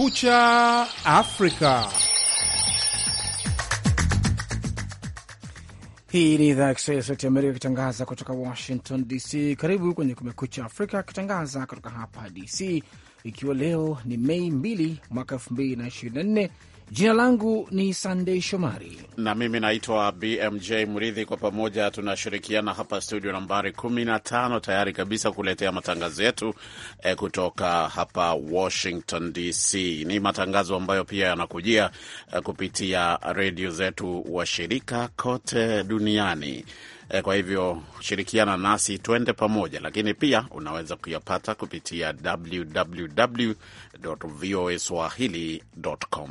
Kumekucha Afrika. Hii ni idhaa ya Kiswahili ya Sauti ya Amerika ikitangaza kutoka Washington DC. Karibu kwenye Kumekucha Afrika ikitangaza kutoka hapa DC, ikiwa leo ni Mei 2 mwaka 2024 Jina langu ni Sandei Shomari na mimi naitwa BMJ Mridhi. Kwa pamoja tunashirikiana hapa studio nambari 15 tayari kabisa kuletea matangazo yetu eh, kutoka hapa Washington DC. Ni matangazo ambayo pia yanakujia eh, kupitia redio zetu washirika kote duniani. Eh, kwa hivyo shirikiana nasi twende pamoja, lakini pia unaweza kuyapata kupitia www voa swahili.com.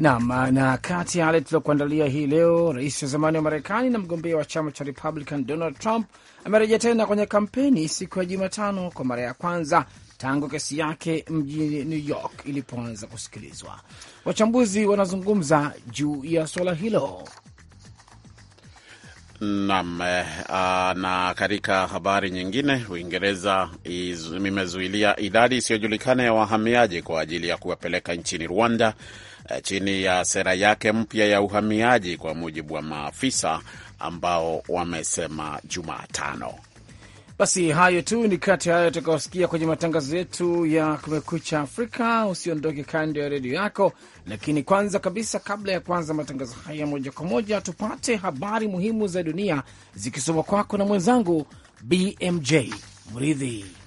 Naam, na kati ya yale tuliokuandalia hii leo, rais wa zamani wa Marekani na mgombea wa chama cha Republican Donald Trump amerejea tena kwenye kampeni siku ya Jumatano kwa mara ya kwanza tangu kesi yake mjini New York ilipoanza kusikilizwa. Wachambuzi wanazungumza juu ya suala hilo. Naam, eh, na katika habari nyingine, Uingereza imezuilia idadi isiyojulikana ya wahamiaji kwa ajili ya kuwapeleka nchini Rwanda Eh, chini ya sera yake mpya ya uhamiaji, kwa mujibu wa maafisa ambao wamesema Jumatano. Basi hayo tu ni kati ya hayo utakaosikia kwenye matangazo yetu ya Kumekucha Afrika. Usiondoke kando ya redio yako, lakini kwanza kabisa, kabla ya kuanza matangazo haya moja kwa moja, tupate habari muhimu za dunia zikisoma kwako na mwenzangu BMJ Mridhi.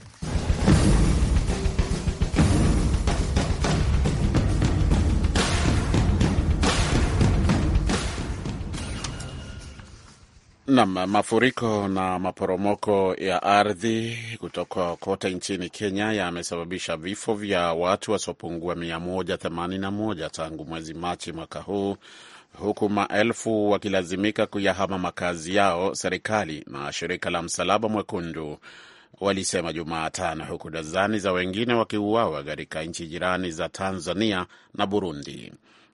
Nam, mafuriko na maporomoko ya ardhi kutoka kote nchini Kenya yamesababisha vifo vya watu wasiopungua 181 tangu mwezi Machi mwaka huu, huku maelfu wakilazimika kuyahama makazi yao, serikali na shirika la Msalaba Mwekundu walisema Jumatano, huku dazani za wengine wakiuawa katika nchi jirani za Tanzania na Burundi.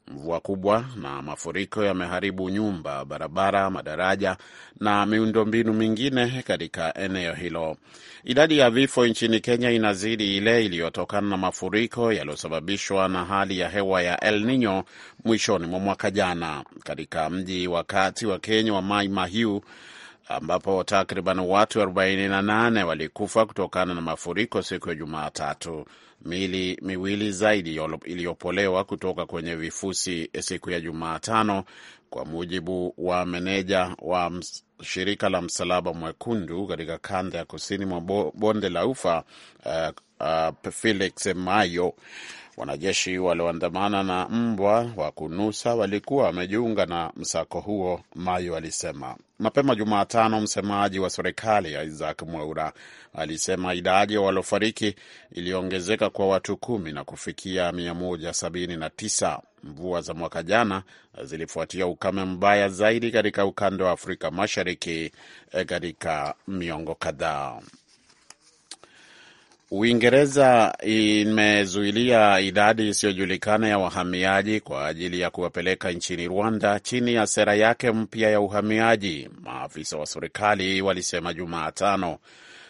Mvua kubwa na mafuriko yameharibu nyumba, barabara, madaraja na miundombinu mingine katika eneo hilo. Idadi ya vifo nchini Kenya inazidi ile iliyotokana na mafuriko yaliyosababishwa na hali ya hewa ya El Nino mwishoni mwa mwaka jana katika mji wa kati wa Kenya wa Mai Mahiu ambapo takriban watu 48 walikufa kutokana na mafuriko siku ya Jumatatu. Miili miwili zaidi iliyopolewa kutoka kwenye vifusi siku ya Jumatano, kwa mujibu wa meneja wa shirika la Msalaba Mwekundu katika kanda ya kusini mwa bonde la ufa, uh, uh, Felix Mayo Wanajeshi walioandamana na mbwa wa kunusa walikuwa wamejiunga na msako huo, Mayo alisema mapema Jumatano. Msemaji wa serikali Isaac Mwaura alisema idadi ya waliofariki iliongezeka kwa watu kumi na kufikia 179. Mvua za mwaka jana zilifuatia ukame mbaya zaidi katika ukanda wa Afrika Mashariki eh, katika miongo kadhaa. Uingereza imezuilia idadi isiyojulikana ya wahamiaji kwa ajili ya kuwapeleka nchini Rwanda chini ya sera yake mpya ya uhamiaji, maafisa wa serikali walisema Jumatano.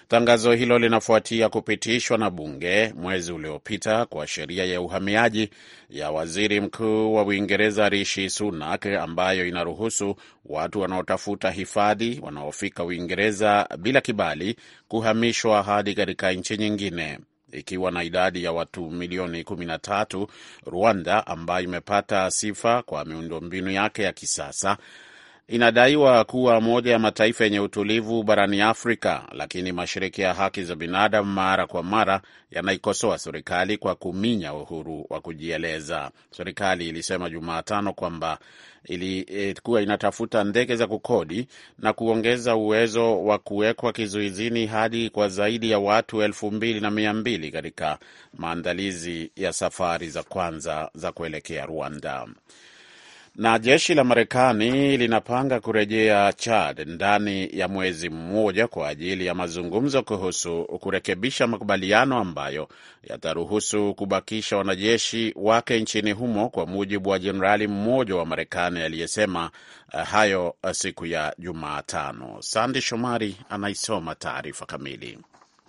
Tangazo hilo linafuatia kupitishwa na bunge mwezi uliopita kwa sheria ya uhamiaji ya waziri mkuu wa Uingereza Rishi Sunak ambayo inaruhusu watu wanaotafuta hifadhi wanaofika Uingereza bila kibali kuhamishwa hadi katika nchi nyingine. Ikiwa na idadi ya watu milioni 13, Rwanda ambayo imepata sifa kwa miundombinu yake ya kisasa inadaiwa kuwa moja ya mataifa yenye utulivu barani Afrika, lakini mashirika ya haki za binadamu mara kwa mara yanaikosoa serikali kwa kuminya uhuru wa kujieleza. Serikali ilisema Jumatano kwamba ilikuwa e, inatafuta ndege za kukodi na kuongeza uwezo wa kuwekwa kizuizini hadi kwa zaidi ya watu elfu mbili na mia mbili katika maandalizi ya safari za kwanza za kuelekea Rwanda. Na jeshi la Marekani linapanga kurejea Chad ndani ya mwezi mmoja kwa ajili ya mazungumzo kuhusu kurekebisha makubaliano ambayo yataruhusu kubakisha wanajeshi wake nchini humo, kwa mujibu wa jenerali mmoja wa Marekani aliyesema eh, hayo eh, siku ya Jumatano. Sandi Shomari anaisoma taarifa kamili.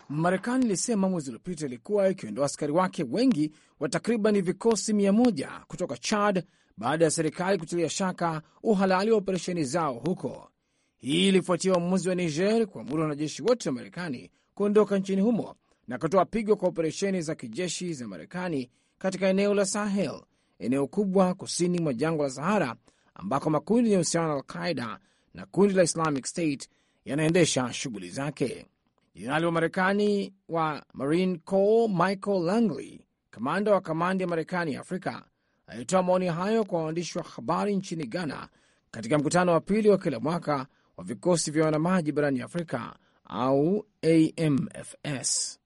Marekani ilisema mwezi uliopita ilikuwa ikiondoa askari wake wengi wa takriban vikosi mia moja kutoka Chad baada ya serikali kutilia shaka uhalali wa operesheni zao huko. Hii ilifuatia uamuzi wa Niger kuamuru wanajeshi wote wa Marekani kuondoka nchini humo na kutoa pigo kwa operesheni za kijeshi za Marekani katika eneo la Sahel, eneo kubwa kusini mwa jangwa la Sahara ambako makundi yanayohusiana na Alqaida na kundi la Islamic State yanaendesha shughuli zake. Jenerali wa Marekani wa Marine Corps Michael Langley, kamanda wa kamandi ya Marekani ya Afrika, alitoa maoni hayo kwa waandishi wa habari nchini Ghana katika mkutano wa pili wa kila mwaka wa vikosi vya wanamaji barani Afrika au AMFS.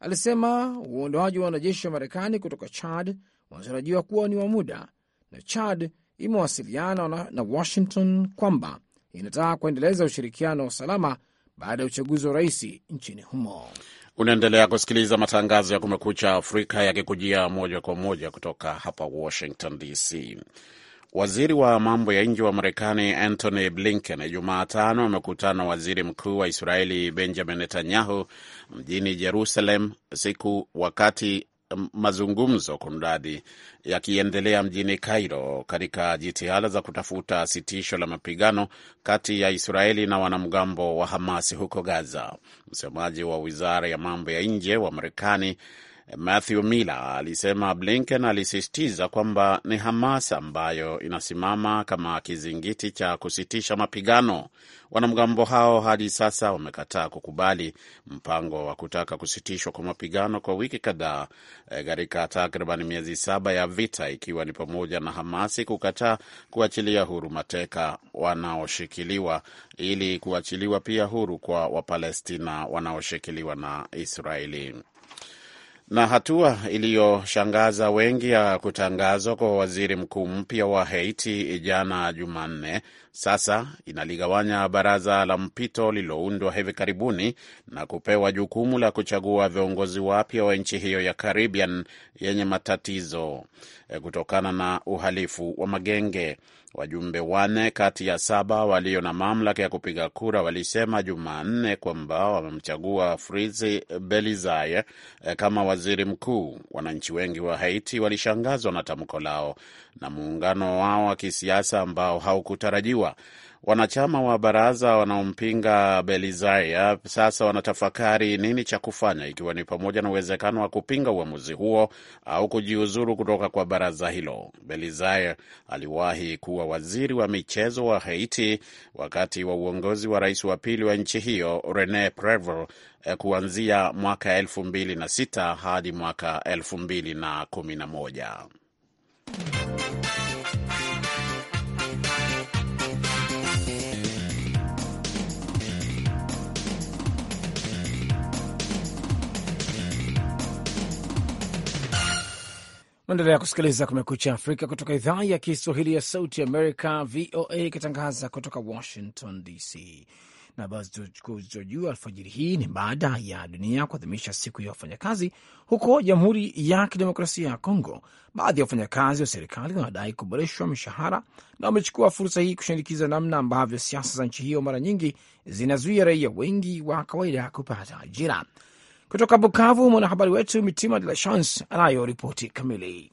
Alisema uondoaji wa wanajeshi wa Marekani kutoka Chad unatarajiwa kuwa ni wa muda, na Chad imewasiliana na Washington kwamba inataka kuendeleza ushirikiano wa usalama baada ya uchaguzi wa rais nchini humo. Unaendelea kusikiliza matangazo ya Kumekucha Afrika yakikujia moja kwa moja kutoka hapa Washington DC. Waziri wa mambo ya nje wa Marekani Antony Blinken Jumatano amekutana waziri mkuu wa Israeli Benjamin Netanyahu mjini Jerusalem siku wakati mazungumzo kunradhi, yakiendelea mjini Cairo katika jitihada za kutafuta sitisho la mapigano kati ya Israeli na wanamgambo wa Hamas huko Gaza. Msemaji wa wizara ya mambo ya nje wa Marekani Matthew Miller alisema Blinken alisisitiza kwamba ni Hamas ambayo inasimama kama kizingiti cha kusitisha mapigano. Wanamgambo hao hadi sasa wamekataa kukubali mpango wa kutaka kusitishwa kwa mapigano kwa wiki kadhaa eh, katika takriban miezi saba ya vita, ikiwa ni pamoja na Hamasi kukataa kuachilia huru mateka wanaoshikiliwa ili kuachiliwa pia huru kwa Wapalestina wanaoshikiliwa na Israeli. Na hatua iliyoshangaza wengi ya kutangazwa kwa waziri mkuu mpya wa Haiti jana Jumanne sasa inaligawanya baraza la mpito lililoundwa hivi karibuni na kupewa jukumu la kuchagua viongozi wapya wa nchi hiyo ya Caribbean yenye matatizo eh, kutokana na uhalifu wa magenge. Wajumbe wane kati ya saba walio na mamlaka ya kupiga kura walisema Jumanne kwamba wamemchagua Fritz Belisaire eh, kama waziri mkuu. Wananchi wengi wa Haiti walishangazwa na tamko lao na muungano wao wa kisiasa ambao haukutarajiwa kuwa wanachama wa baraza wanaompinga Belizaya sasa wanatafakari nini cha kufanya, ikiwa ni pamoja na uwezekano wa kupinga uamuzi huo au kujiuzuru kutoka kwa baraza hilo. Belizaya aliwahi kuwa waziri wa michezo wa Haiti wakati wa uongozi wa rais wa pili wa nchi hiyo Rene Preval eh, kuanzia mwaka 2006 hadi mwaka 2011. naendelea kusikiliza Kumekucha Afrika kutoka idhaa ya Kiswahili ya Sauti Amerika, VOA, ikitangaza kutoka Washington DC. Na habari zilizojuu alfajiri hii ni baada ya dunia kuadhimisha siku ya wafanyakazi. Huko Jamhuri ya Kidemokrasia ya Kongo, baadhi ya wafanyakazi wa serikali wanadai kuboreshwa mishahara na wamechukua fursa hii kushinikiza namna ambavyo siasa za nchi hiyo mara nyingi zinazuia raia wengi wa kawaida kupata ajira. Kutoka Bukavu, mwanahabari wetu Mitima de la Chance anayo ripoti kamili.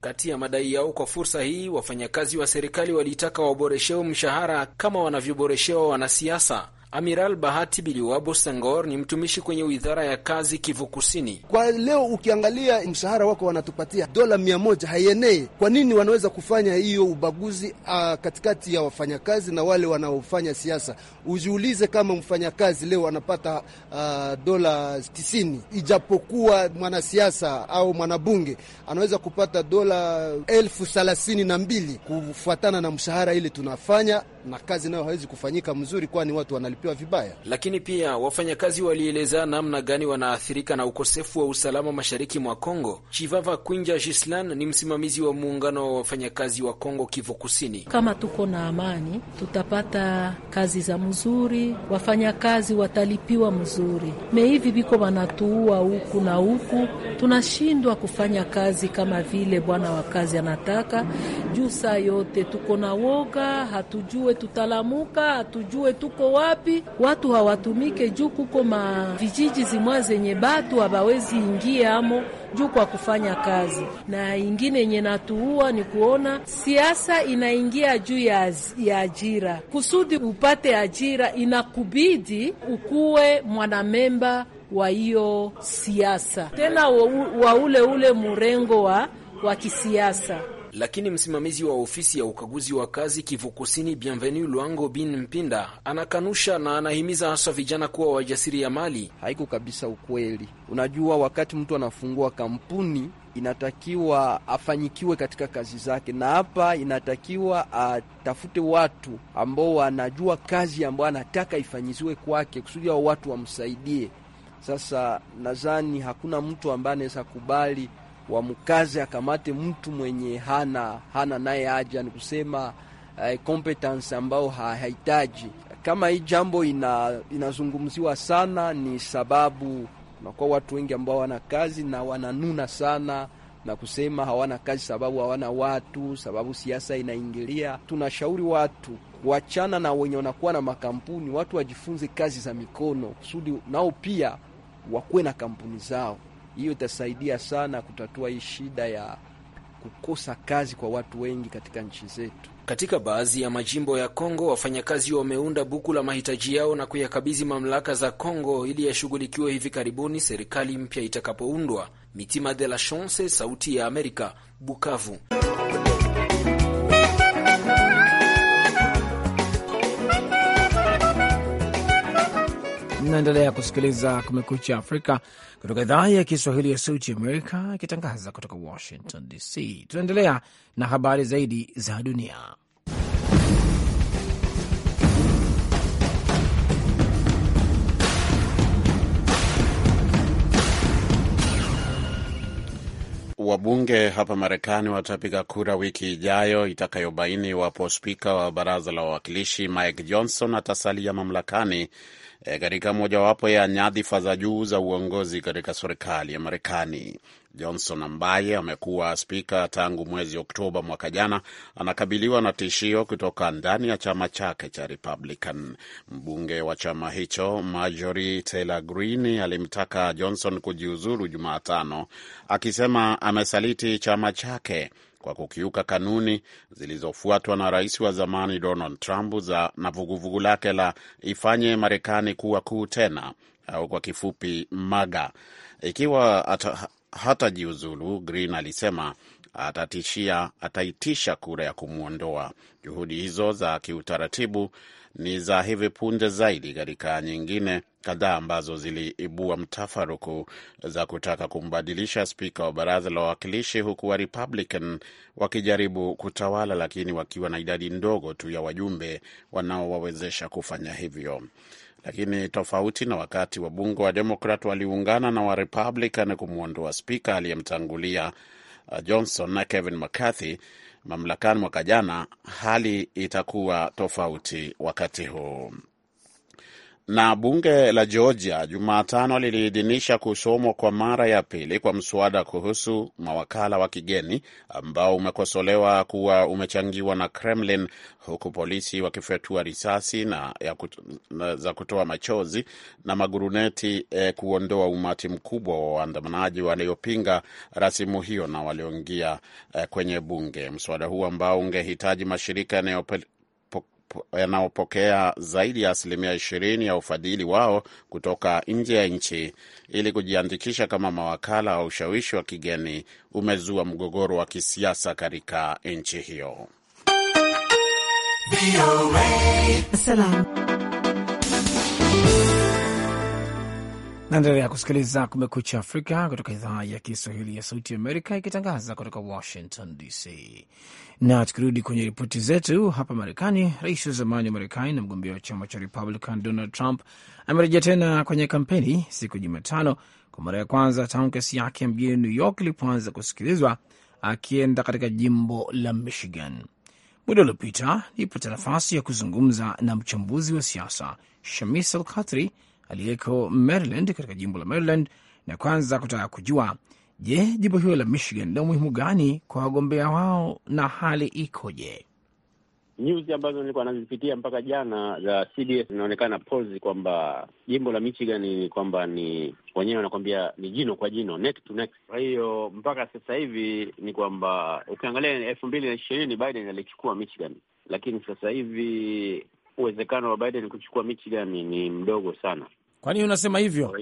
Kati ya madai yao kwa fursa hii, wafanyakazi wa serikali walitaka waboreshewe mshahara kama wanavyoboreshewa wanasiasa. Amiral Bahati Biliwabo Sangor ni mtumishi kwenye wizara ya kazi Kivu Kusini. Kwa leo ukiangalia mshahara wako wanatupatia dola mia moja haienee. Kwa nini wanaweza kufanya hiyo ubaguzi a, ah, katikati ya wafanyakazi na wale wanaofanya siasa? Ujiulize kama mfanyakazi leo anapata a, ah, dola tisini, ijapokuwa mwanasiasa au mwanabunge anaweza kupata dola elfu thalathini na mbili kufuatana na mshahara ile tunafanya na kazi nayo hawezi kufanyika mzuri, kwani watu wanalipiwa vibaya. Lakini pia wafanyakazi walieleza namna gani wanaathirika na ukosefu wa usalama mashariki mwa Kongo. Chivava Kwinja Gislan ni msimamizi wa muungano wa wafanyakazi wa Kongo Kivu Kusini. Kama tuko na amani, tutapata kazi za mzuri, wafanyakazi watalipiwa mzuri. Me hivi viko wanatuua huku na huku, tunashindwa kufanya kazi kama vile bwana wa kazi anataka. Juu saa yote tuko na woga, hatujue tutalamuka, hatujue tuko wapi, watu hawatumike juu kuko mavijiji zimwa zenye batu habawezi ingia amo juu kwa kufanya kazi. Na ingine yenye natuua ni kuona siasa inaingia juu ya, ya ajira. Kusudi upate ajira inakubidi ukuwe mwanamemba wa hiyo siasa tena wa, wa ule ule murengo wa, wa kisiasa. Lakini msimamizi wa ofisi ya ukaguzi wa kazi Kivu Kusini, Bienvenu Luango Bin Mpinda, anakanusha na anahimiza haswa vijana kuwa wajasiri ya mali Haiko kabisa ukweli. Unajua, wakati mtu anafungua kampuni inatakiwa afanyikiwe katika kazi zake, na hapa inatakiwa atafute watu ambao wanajua kazi ambayo anataka ifanyiziwe kwake, kusudi hao watu wamsaidie. Sasa nadhani hakuna mtu ambaye anaweza kubali wa mkazi akamate mtu mwenye hana hana naye haja, ni kusema uh, competence ambao hahitaji. Kama hii jambo ina, inazungumziwa sana, ni sababu unakuwa watu wengi ambao wana kazi na wananuna sana na kusema hawana kazi sababu hawana watu, sababu siasa inaingilia. Tunashauri watu wachana na wenye wanakuwa na makampuni, watu wajifunze kazi za mikono kusudi nao pia wakuwe na kampuni zao. Hiyo itasaidia sana kutatua hii shida ya kukosa kazi kwa watu wengi katika nchi zetu. Katika baadhi ya majimbo ya Kongo, wafanyakazi wameunda buku la mahitaji yao na kuyakabidhi mamlaka za Kongo ili yashughulikiwe hivi karibuni serikali mpya itakapoundwa. Mitima de la Chance, Sauti ya Amerika, Bukavu. Mnaendelea kusikiliza Kumekucha Afrika kutoka idhaa ya Kiswahili ya Sauti Amerika ikitangaza kutoka Washington DC. Tunaendelea na habari zaidi za dunia. Wabunge hapa Marekani watapiga kura wiki ijayo itakayobaini iwapo spika wa baraza la wawakilishi Mike Johnson atasalia mamlakani e, katika mojawapo ya nyadhifa za juu za uongozi katika serikali ya Marekani. Johnson ambaye amekuwa spika tangu mwezi Oktoba mwaka jana anakabiliwa na tishio kutoka ndani ya chama chake cha Republican. Mbunge wa chama hicho Marjorie Taylor Greene alimtaka Johnson kujiuzuru Jumatano akisema amesaliti chama chake kwa kukiuka kanuni zilizofuatwa na rais wa zamani Donald Trump za na vuguvugu lake la ifanye Marekani kuwa kuu tena au kwa kifupi MAGA. Ikiwa ata, hatajiuzulu, Green alisema atatishia, ataitisha kura ya kumwondoa. Juhudi hizo za kiutaratibu ni za hivi punde zaidi katika nyingine kadhaa ambazo ziliibua mtafaruku za kutaka kumbadilisha spika wa baraza la wawakilishi, huku wa Republican wakijaribu kutawala, lakini wakiwa na idadi ndogo tu ya wajumbe wanaowawezesha kufanya hivyo. Lakini tofauti na wakati wabunge wa Demokrat waliungana na wa Republican kumwondoa spika aliyemtangulia uh, Johnson na Kevin McCarthy mamlakani mwaka jana, hali itakuwa tofauti wakati huu. Na bunge la Georgia Jumatano liliidhinisha kusomwa kwa mara ya pili kwa mswada kuhusu mawakala wa kigeni ambao umekosolewa kuwa umechangiwa na Kremlin, huku polisi wakifyatua risasi na za kutoa machozi na maguruneti eh, kuondoa umati mkubwa wa waandamanaji waliopinga rasimu hiyo na walioingia eh, kwenye bunge. Mswada huu ambao ungehitaji mashirika yanayo yanayopokea zaidi ya asilimia ishirini ya ufadhili wao kutoka nje ya nchi ili kujiandikisha kama mawakala wa ushawishi wa kigeni umezua mgogoro wa kisiasa katika nchi hiyo. Salam. Naendelea kusikiliza Kumekucha Afrika kutoka idhaa ya Kiswahili ya Sauti Amerika ikitangaza kutoka Washington DC. Na tukirudi kwenye ripoti zetu hapa Marekani, rais wa zamani wa Marekani na mgombea wa chama cha Republican Donald Trump amerejea tena kwenye kampeni siku ya Jumatano kwa mara ya kwanza tangu kesi yake mjini New York ilipoanza kusikilizwa, akienda katika jimbo la Michigan. Muda uliopita nipata nafasi ya kuzungumza na mchambuzi wa siasa Shamis Alkatri aliyeko Maryland, katika jimbo la Maryland, na kwanza kutaka kujua, je, jimbo hilo la Michigan la umuhimu gani kwa wagombea wao na hali ikoje? News ambazo nilikuwa nazipitia mpaka jana za CBS inaonekana polls kwamba jimbo la Michigan ni kwamba ni wenyewe wanakwambia ni jino kwa jino, neck to neck. Kwa hiyo mpaka sasa hivi ni kwamba ukiangalia elfu mbili na ishirini Biden alichukua Michigan, lakini sasa hivi uwezekano wa Biden kuchukua Michigan ni mdogo sana. Kwa nini unasema hivyo?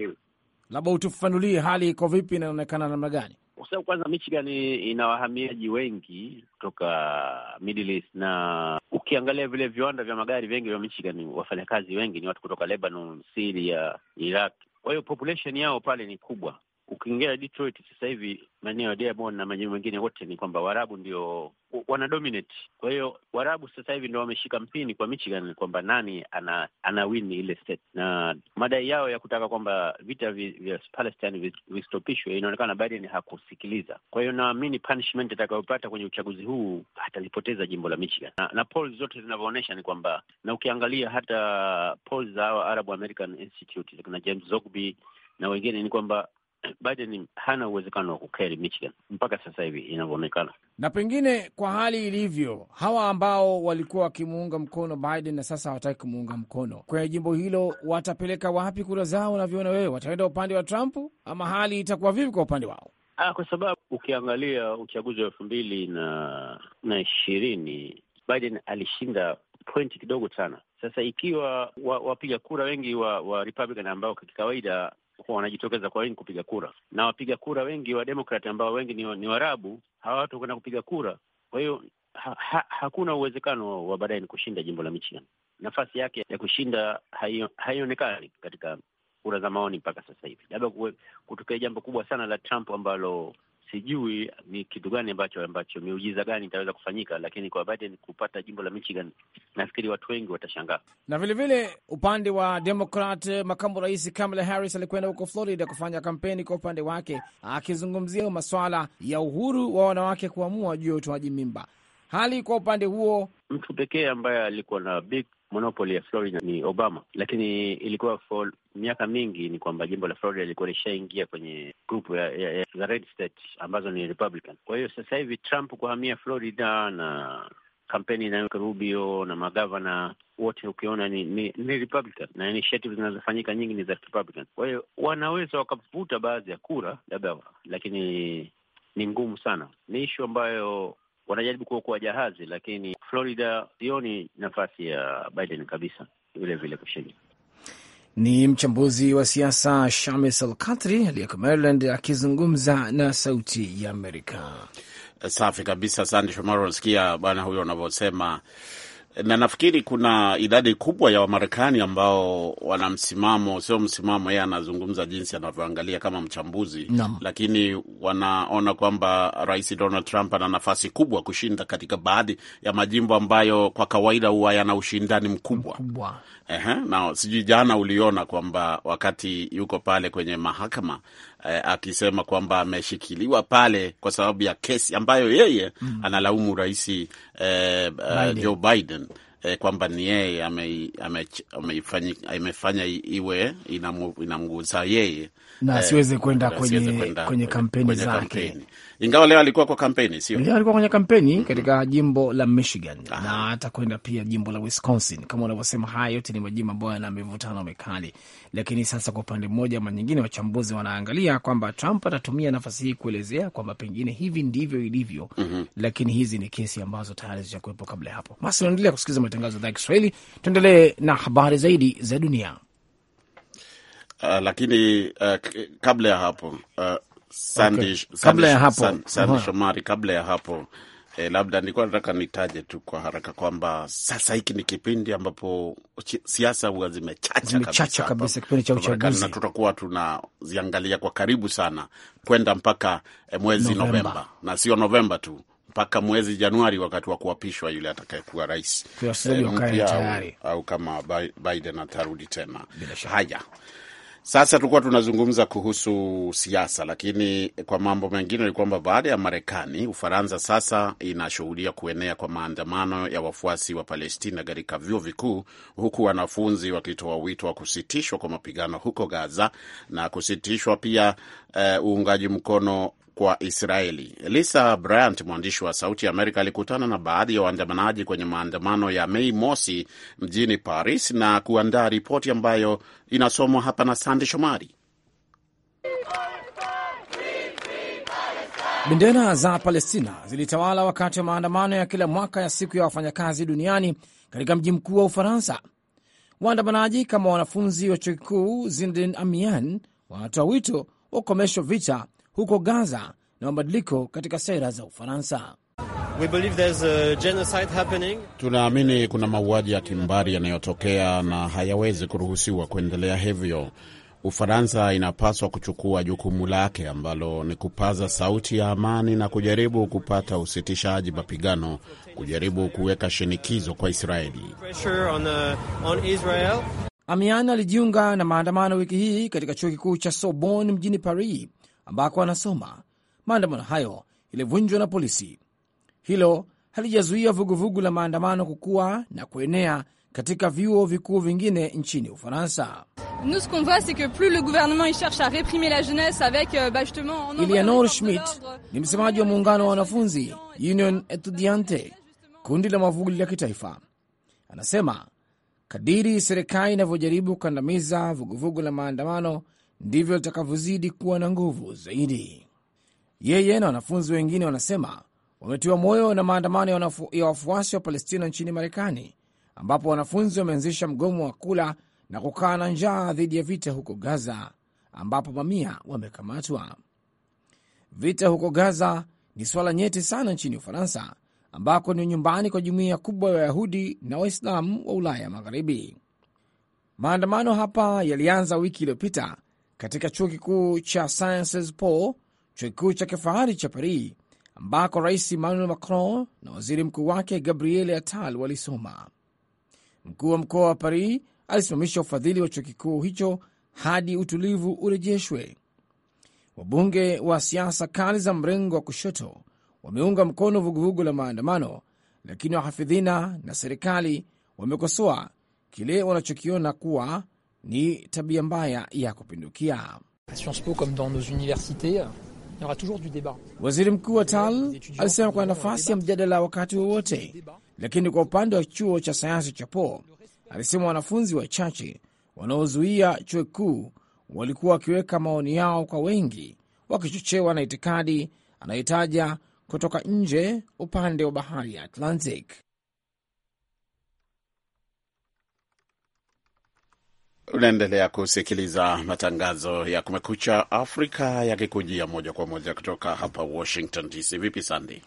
Labda utufafanulie hali iko vipi, inaonekana namna gani? Kwa sababu kwanza Michigan ina wahamiaji wengi kutoka Middle East, na ukiangalia vile viwanda vya magari vingi vya Michigan, wafanyakazi wengi ni watu kutoka Lebanon, Syria, Iraq. Kwa hiyo population yao pale ni kubwa, ukiingia Detroit sasa hivi maeneo ya Dearborn na maeneo mengine wote ni kwamba Waarabu ndio dominate. Kwa hiyo Waarabu sasa hivi ndio wameshika mpini kwa Michigan kwamba nani ana, ana win ile state, na madai yao ya kutaka kwamba vita vya Palestine vi inaonekana Biden hakusikiliza. Kwa hiyo naamini punishment atakayopata kwenye uchaguzi huu atalipoteza jimbo la Michigan, na, na polls zote zinavyoonyesha ni kwamba, na ukiangalia hata polls za Arab American Institute na James Zogby na wengine ni kwamba Biden hana uwezekano wa kukeri Michigan mpaka sasa hivi inavyoonekana, na pengine kwa hali ilivyo, hawa ambao walikuwa wakimuunga mkono Biden na sasa hawataki kumuunga mkono kwenye jimbo hilo, watapeleka wapi kura zao? Unavyoona wewe, wataenda upande wa Trump ama hali itakuwa vipi kwa upande wao? Ah, kwa sababu ukiangalia uchaguzi wa elfu mbili na na ishirini Biden alishinda pointi kidogo sana. Sasa ikiwa wapiga wa kura wengi wa, wa Republican ambao kwa kawaida wanajitokeza kwa wengi kupiga kura, na wapiga kura wengi wa Demokrat ambao wengi ni, warabu Waarabu hawa watu kwenda kupiga kura. Kwa hiyo ha, ha, hakuna uwezekano wa baadaye ni kushinda jimbo la Michigan. Nafasi yake ya kushinda haionekani katika kura za maoni mpaka sasa hivi, labda kutokea jambo kubwa sana la Trump ambalo sijui ni kitu gani ambacho ambacho miujiza gani itaweza kufanyika, lakini kwa Biden kupata jimbo la Michigan nafikiri watu wengi watashangaa. Na vilevile vile, upande wa demokrat makamu rais Kamala Harris alikwenda huko Florida kufanya kampeni kwa upande wake, akizungumzia maswala ya uhuru wa wanawake kuamua juu ya utoaji mimba. Hali kwa upande huo, mtu pekee ambaye alikuwa na big monopoli ya Florida ni Obama, lakini ilikuwa for miaka mingi ni kwamba jimbo la Florida lilikuwa lishaingia kwenye grupu ya, ya, ya the red state ambazo ni Republican. Kwa hiyo sasa hivi Trump kuhamia Florida na kampeni na Rubio na magavana wote ukiona ni, ni, ni Republican na initiative zinazofanyika nyingi ni za Republican. Kwa hiyo wanaweza wakavuta baadhi ya kura labda, lakini ni ngumu sana. Ni ishu ambayo wanajaribu kuokoa jahazi, lakini Florida sioni nafasi ya Biden kabisa vile vile kushinda. Ni mchambuzi wa siasa Shamis Alkatri aliyeko Maryland akizungumza na Sauti ya Amerika. Safi kabisa, sande Shomari. Unasikia bwana huyo unavyosema na nafikiri kuna idadi kubwa ya Wamarekani ambao wana msimamo, sio msimamo, yeye anazungumza jinsi anavyoangalia kama mchambuzi no. Lakini wanaona kwamba Rais Donald Trump ana nafasi kubwa kushinda katika baadhi ya majimbo ambayo kwa kawaida huwa yana ushindani mkubwa, mkubwa. Ehe, na sijui jana uliona kwamba wakati yuko pale kwenye mahakama eh, akisema kwamba ameshikiliwa pale kwa sababu ya kesi ambayo yeye mm. analaumu rais eh, uh, Joe Biden eh, kwamba ni yeye amefanya iwe inamguza yeye na asiweze eh, kwenda kwenye, kwenye kampeni zake, ingawa leo alikuwa kwa kampeni, sio leo alikuwa kwenye kampeni mm -hmm. katika jimbo la Michigan Aha. na atakwenda pia jimbo la Wisconsin. Kama unavyosema, haya yote ni majimbo ambayo yana mivutano mikali, lakini sasa kwa upande mmoja ama nyingine, wachambuzi wanaangalia kwamba Trump atatumia nafasi hii kuelezea kwamba pengine hivi ndivyo ilivyo mm -hmm. lakini hizi ni kesi ambazo tayari zishakuwepo kabla ya hapo. Basi naendelea kusikiliza matangazo ya idhaa ya Kiswahili, tuendelee na habari zaidi za dunia. Uh, lakini uh, kabla ya hapo uh, Sandi, okay. Sandi, kabla ya hapo Sandi, Sandi uh-huh. Shomari, kabla ya hapo eh, labda nilikuwa nataka nitaje tu kwa haraka kwamba sasa hiki ni kipindi ambapo siasa huwa zimechacha kabisa, kipindi cha uchaguzi, na tutakuwa tunaziangalia kwa karibu sana kwenda mpaka eh, mwezi Novemba. Novemba na sio Novemba tu mpaka mwezi Januari wakati wa kuapishwa yule atakayekuwa rais e, au, au kama Biden atarudi tena. Haya, sasa tulikuwa tunazungumza kuhusu siasa, lakini kwa mambo mengine ni kwamba baada ya Marekani, Ufaransa sasa inashuhudia kuenea kwa maandamano ya wafuasi wa Palestina katika vyuo vikuu, huku wanafunzi wakitoa wito wa kusitishwa kwa mapigano huko Gaza na kusitishwa pia eh, uungaji uh, mkono kwa Israeli. Lisa Bryant, mwandishi wa Sauti ya Amerika, alikutana na baadhi ya waandamanaji kwenye maandamano ya Mei Mosi mjini Paris na kuandaa ripoti ambayo inasomwa hapa na Sande Shomari. Bendera za Palestina zilitawala wakati wa maandamano ya kila mwaka ya siku ya wafanyakazi duniani katika mji mkuu wa Ufaransa. Waandamanaji kama wanafunzi wa chuo kikuu Zindin Amian wanatoa wito wa kukomeshwa vita huko Gaza na mabadiliko katika sera za Ufaransa. Tunaamini kuna mauaji ya kimbari yanayotokea na hayawezi kuruhusiwa kuendelea hivyo. Ufaransa inapaswa kuchukua jukumu lake ambalo ni kupaza sauti ya amani na kujaribu kupata usitishaji mapigano, kujaribu kuweka shinikizo kwa Israeli. Uh, Amiana alijiunga na maandamano wiki hii katika chuo kikuu cha Sorbonne mjini Paris ambako anasoma. Maandamano hayo yalivunjwa na polisi. Hilo halijazuia vuguvugu la maandamano kukua na kuenea katika vyuo vikuu vingine nchini Ufaransa. Eleanor euh, Schmidt ni msemaji wa muungano wa wanafunzi Union Etudiante, kundi la mwavuli la kitaifa, anasema kadiri serikali inavyojaribu kukandamiza vuguvugu la maandamano ndivyo litakavyozidi kuwa na nguvu zaidi. Yeye na wanafunzi wengine wanasema wametiwa moyo na maandamano ya wafuasi wa Palestina nchini Marekani, ambapo wanafunzi wameanzisha mgomo wa kula na kukaa na njaa dhidi ya vita huko Gaza, ambapo mamia wamekamatwa. Vita huko Gaza ni swala nyeti sana nchini Ufaransa, ambako ni nyumbani kwa jumuiya kubwa ya Wayahudi na Waislamu wa Ulaya Magharibi. Maandamano hapa yalianza wiki iliyopita katika chuo kikuu cha Sciences Po, chuo kikuu cha kifahari cha Paris ambako Rais Emmanuel Macron na waziri mkuu wake Gabriel Attal walisoma. Mkuu wa mkoa wa Paris alisimamisha ufadhili wa chuo kikuu hicho hadi utulivu urejeshwe. Wabunge wa siasa kali za mrengo wa kushoto wameunga mkono vuguvugu la maandamano, lakini wahafidhina na serikali wamekosoa kile wanachokiona kuwa ni tabia mbaya ya kupindukia. Waziri Mkuu wa Tal alisema kuna nafasi ya mjadala wakati wowote, lakini kwa upande wa chuo cha sayansi cha Po alisema wanafunzi wachache wanaozuia chuo kikuu walikuwa wakiweka maoni yao kwa wengi, wakichochewa na itikadi anayetaja kutoka nje, upande wa bahari ya Atlantic. Unaendelea kusikiliza matangazo ya Kumekucha Afrika yakikujia moja kwa moja kutoka hapa Washington DC. Vipi Sandi?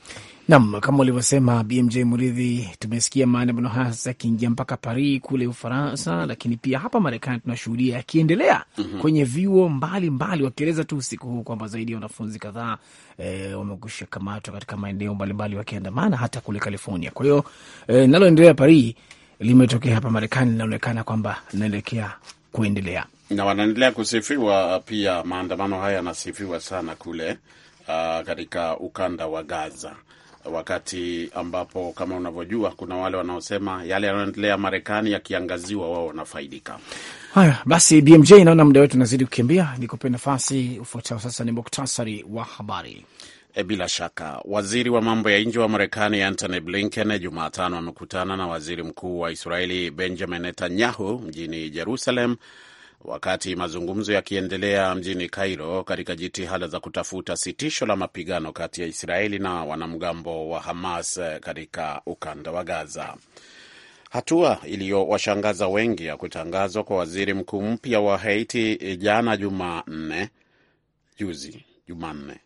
Nam, kama ulivyosema BMJ Muridhi, tumesikia maandamano hasa yakiingia mpaka Paris kule Ufaransa, lakini pia hapa Marekani tunashuhudia yakiendelea mm -hmm. kwenye vyuo mbalimbali, wakieleza tu usiku huu kwamba zaidi ya wanafunzi kadhaa e, wamekusha kamatwa katika maeneo mbalimbali wakiandamana hata kule California. Kwa hiyo e, naloendelea Paris limetokea hapa Marekani linaonekana kwamba linaelekea kuendelea na wanaendelea kusifiwa pia. Maandamano haya yanasifiwa sana kule uh, katika ukanda wa Gaza, wakati ambapo kama unavyojua kuna wale wanaosema yale yanayoendelea Marekani yakiangaziwa wao wanafaidika. Haya basi, BMJ, naona muda wetu unazidi kukimbia, nikupe nafasi ufuatao. Sasa ni muktasari wa habari. E, bila shaka waziri wa mambo ya nje wa Marekani Antony Blinken Jumatano amekutana na waziri mkuu wa Israeli Benjamin Netanyahu mjini Jerusalem wakati mazungumzo yakiendelea mjini Cairo katika jitihada za kutafuta sitisho la mapigano kati ya Israeli na wanamgambo wa Hamas eh, katika ukanda wa Gaza. Hatua iliyowashangaza wengi ya kutangazwa kwa waziri mkuu mpya wa Haiti eh, jana Jumanne, juzi Jumanne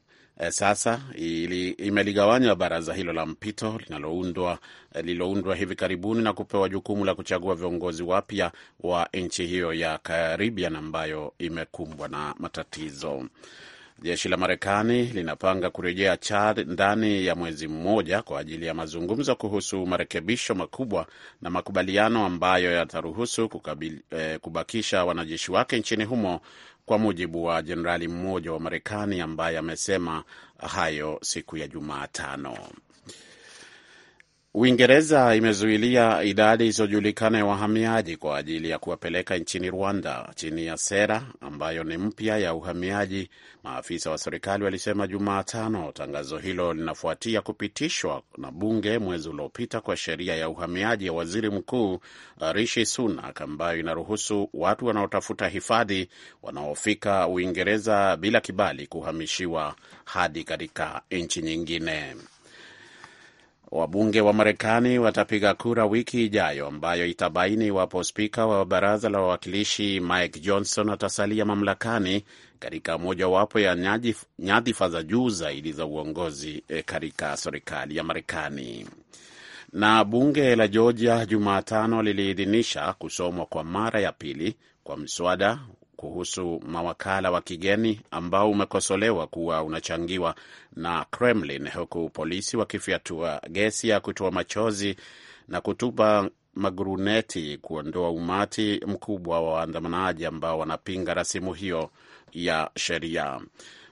Eh, sasa imeligawanywa baraza hilo la mpito linaloundwa lililoundwa eh, hivi karibuni na kupewa jukumu la kuchagua viongozi wapya wa nchi hiyo ya Caribbean ambayo imekumbwa na matatizo. Jeshi la Marekani linapanga kurejea Chad ndani ya mwezi mmoja kwa ajili ya mazungumzo kuhusu marekebisho makubwa na makubaliano ambayo yataruhusu eh, kubakisha wanajeshi wake nchini humo kwa mujibu wa jenerali mmoja wa Marekani ambaye amesema hayo siku ya Jumatano. Uingereza imezuilia idadi isiyojulikana ya wahamiaji kwa ajili ya kuwapeleka nchini Rwanda chini ya sera ambayo ni mpya ya uhamiaji, maafisa wa serikali walisema Jumatano. Tangazo hilo linafuatia kupitishwa na bunge mwezi uliopita kwa sheria ya uhamiaji ya waziri mkuu uh, Rishi Sunak ambayo inaruhusu watu wanaotafuta hifadhi wanaofika Uingereza bila kibali kuhamishiwa hadi katika nchi nyingine. Wabunge wa Marekani watapiga kura wiki ijayo ambayo itabaini iwapo spika wa baraza la wawakilishi Mike Johnson atasalia mamlakani katika mojawapo ya nyadhifa za juu zaidi za uongozi e, katika serikali ya Marekani. Na bunge la Georgia Jumatano liliidhinisha kusomwa kwa mara ya pili kwa mswada kuhusu mawakala wa kigeni ambao umekosolewa kuwa unachangiwa na Kremlin, huku polisi wakifyatua gesi ya kutoa machozi na kutupa maguruneti kuondoa umati mkubwa wa waandamanaji ambao wanapinga rasimu hiyo ya sheria.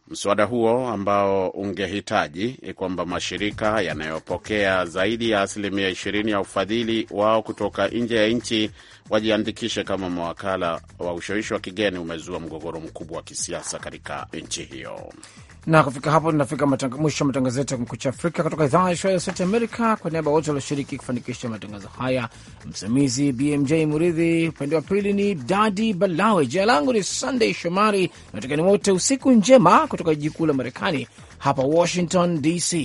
Mswada huo ambao ungehitaji kwamba mashirika yanayopokea zaidi ya asilimia 20 ya ufadhili wao kutoka nje ya nchi wajiandikishe kama mawakala wa ushawishi wa kigeni umezua mgogoro mkubwa wa kisiasa katika nchi hiyo na kufika hapo tunafika mwisho wa matangazo yetu ya Kumekucha Afrika kutoka idhaa ya Kiswahili ya Sauti Amerika. Kwa niaba wote walioshiriki kufanikisha matangazo haya, msimamizi BMJ Muridhi, upande wa pili ni Dadi Balawe, jina langu ni Sunday Shomari. Nawatakeni wote usiku njema kutoka jiji kuu la Marekani hapa Washington DC.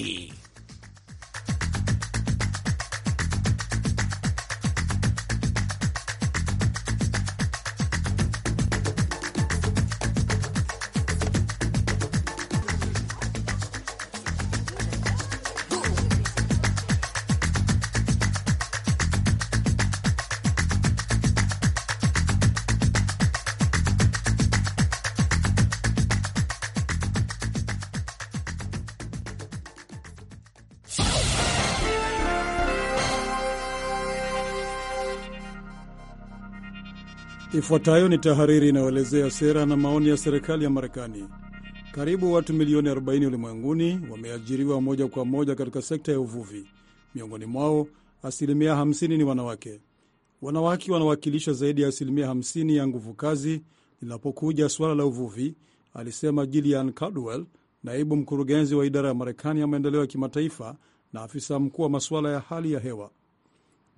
Ifuatayo ni tahariri inayoelezea sera na maoni ya serikali ya Marekani. Karibu watu milioni 40 ulimwenguni wameajiriwa moja kwa moja katika sekta ya uvuvi. Miongoni mwao asilimia 50 ni wanawake. Wanawake wanawakilisha zaidi ya asilimia 50 ya nguvu kazi linapokuja suala la uvuvi, alisema Gillian Caldwell, naibu mkurugenzi wa idara ya Marekani ya maendeleo ya kimataifa na afisa mkuu wa masuala ya hali ya hewa.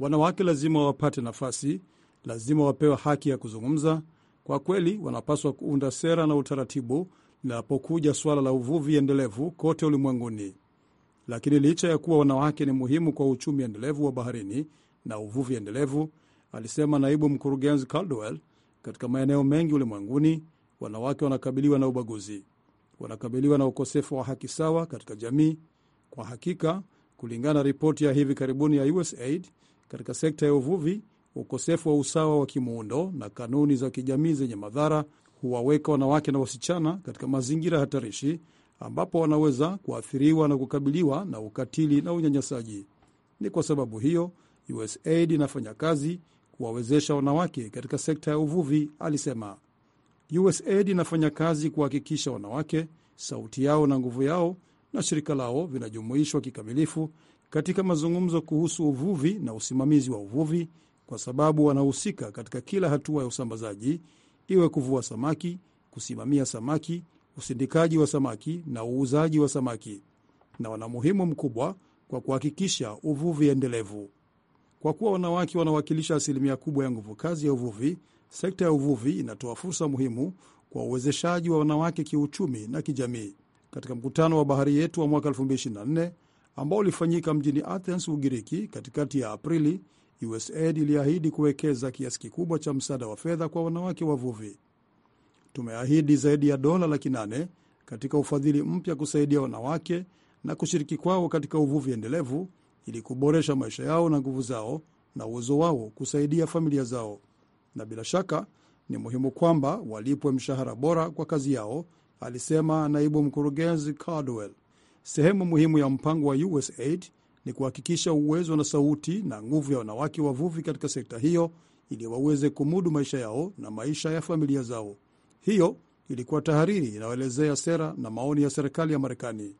Wanawake lazima wapate nafasi lazima wapewe haki ya kuzungumza. Kwa kweli, wanapaswa kuunda sera na utaratibu linapokuja suala la uvuvi endelevu kote ulimwenguni. Lakini licha ya kuwa wanawake ni muhimu kwa uchumi endelevu wa baharini na uvuvi endelevu, alisema naibu mkurugenzi Caldwell, katika maeneo mengi ulimwenguni wanawake wanakabiliwa na ubaguzi, wanakabiliwa na ukosefu wa haki sawa katika jamii. Kwa hakika, kulingana na ripoti ya hivi karibuni ya USAID katika sekta ya uvuvi, ukosefu wa usawa wa kimuundo na kanuni za kijamii zenye madhara huwaweka wanawake na wasichana katika mazingira hatarishi ambapo wanaweza kuathiriwa na kukabiliwa na ukatili na unyanyasaji. Ni kwa sababu hiyo USAID inafanya kazi kuwawezesha wanawake katika sekta ya uvuvi, alisema. USAID inafanya kazi kuhakikisha wanawake, sauti yao na nguvu yao na shirika lao vinajumuishwa kikamilifu katika mazungumzo kuhusu uvuvi na usimamizi wa uvuvi kwa sababu wanahusika katika kila hatua ya usambazaji, iwe kuvua samaki, kusimamia samaki, usindikaji wa samaki na uuzaji wa samaki, na wana muhimu mkubwa kwa kuhakikisha uvuvi endelevu. Kwa kuwa wanawake wanawakilisha asilimia kubwa ya nguvu kazi ya uvuvi, sekta ya uvuvi inatoa fursa muhimu kwa uwezeshaji wa wanawake kiuchumi na kijamii. Katika mkutano wa bahari yetu wa mwaka 2024 ambao ulifanyika mjini Athens, Ugiriki, katikati ya Aprili, USAID iliahidi kuwekeza kiasi kikubwa cha msaada wa fedha kwa wanawake wavuvi. Tumeahidi zaidi ya dola laki nane katika ufadhili mpya kusaidia wanawake na kushiriki kwao katika uvuvi endelevu ili kuboresha maisha yao na nguvu zao na uwezo wao kusaidia familia zao. Na bila shaka ni muhimu kwamba walipwe mshahara bora kwa kazi yao, alisema naibu mkurugenzi Cardwell. Sehemu muhimu ya mpango wa USAID ni kuhakikisha uwezo na sauti na nguvu ya wanawake wavuvi katika sekta hiyo ili waweze kumudu maisha yao na maisha ya familia zao. Hiyo ilikuwa tahariri inayoelezea sera na maoni ya serikali ya Marekani.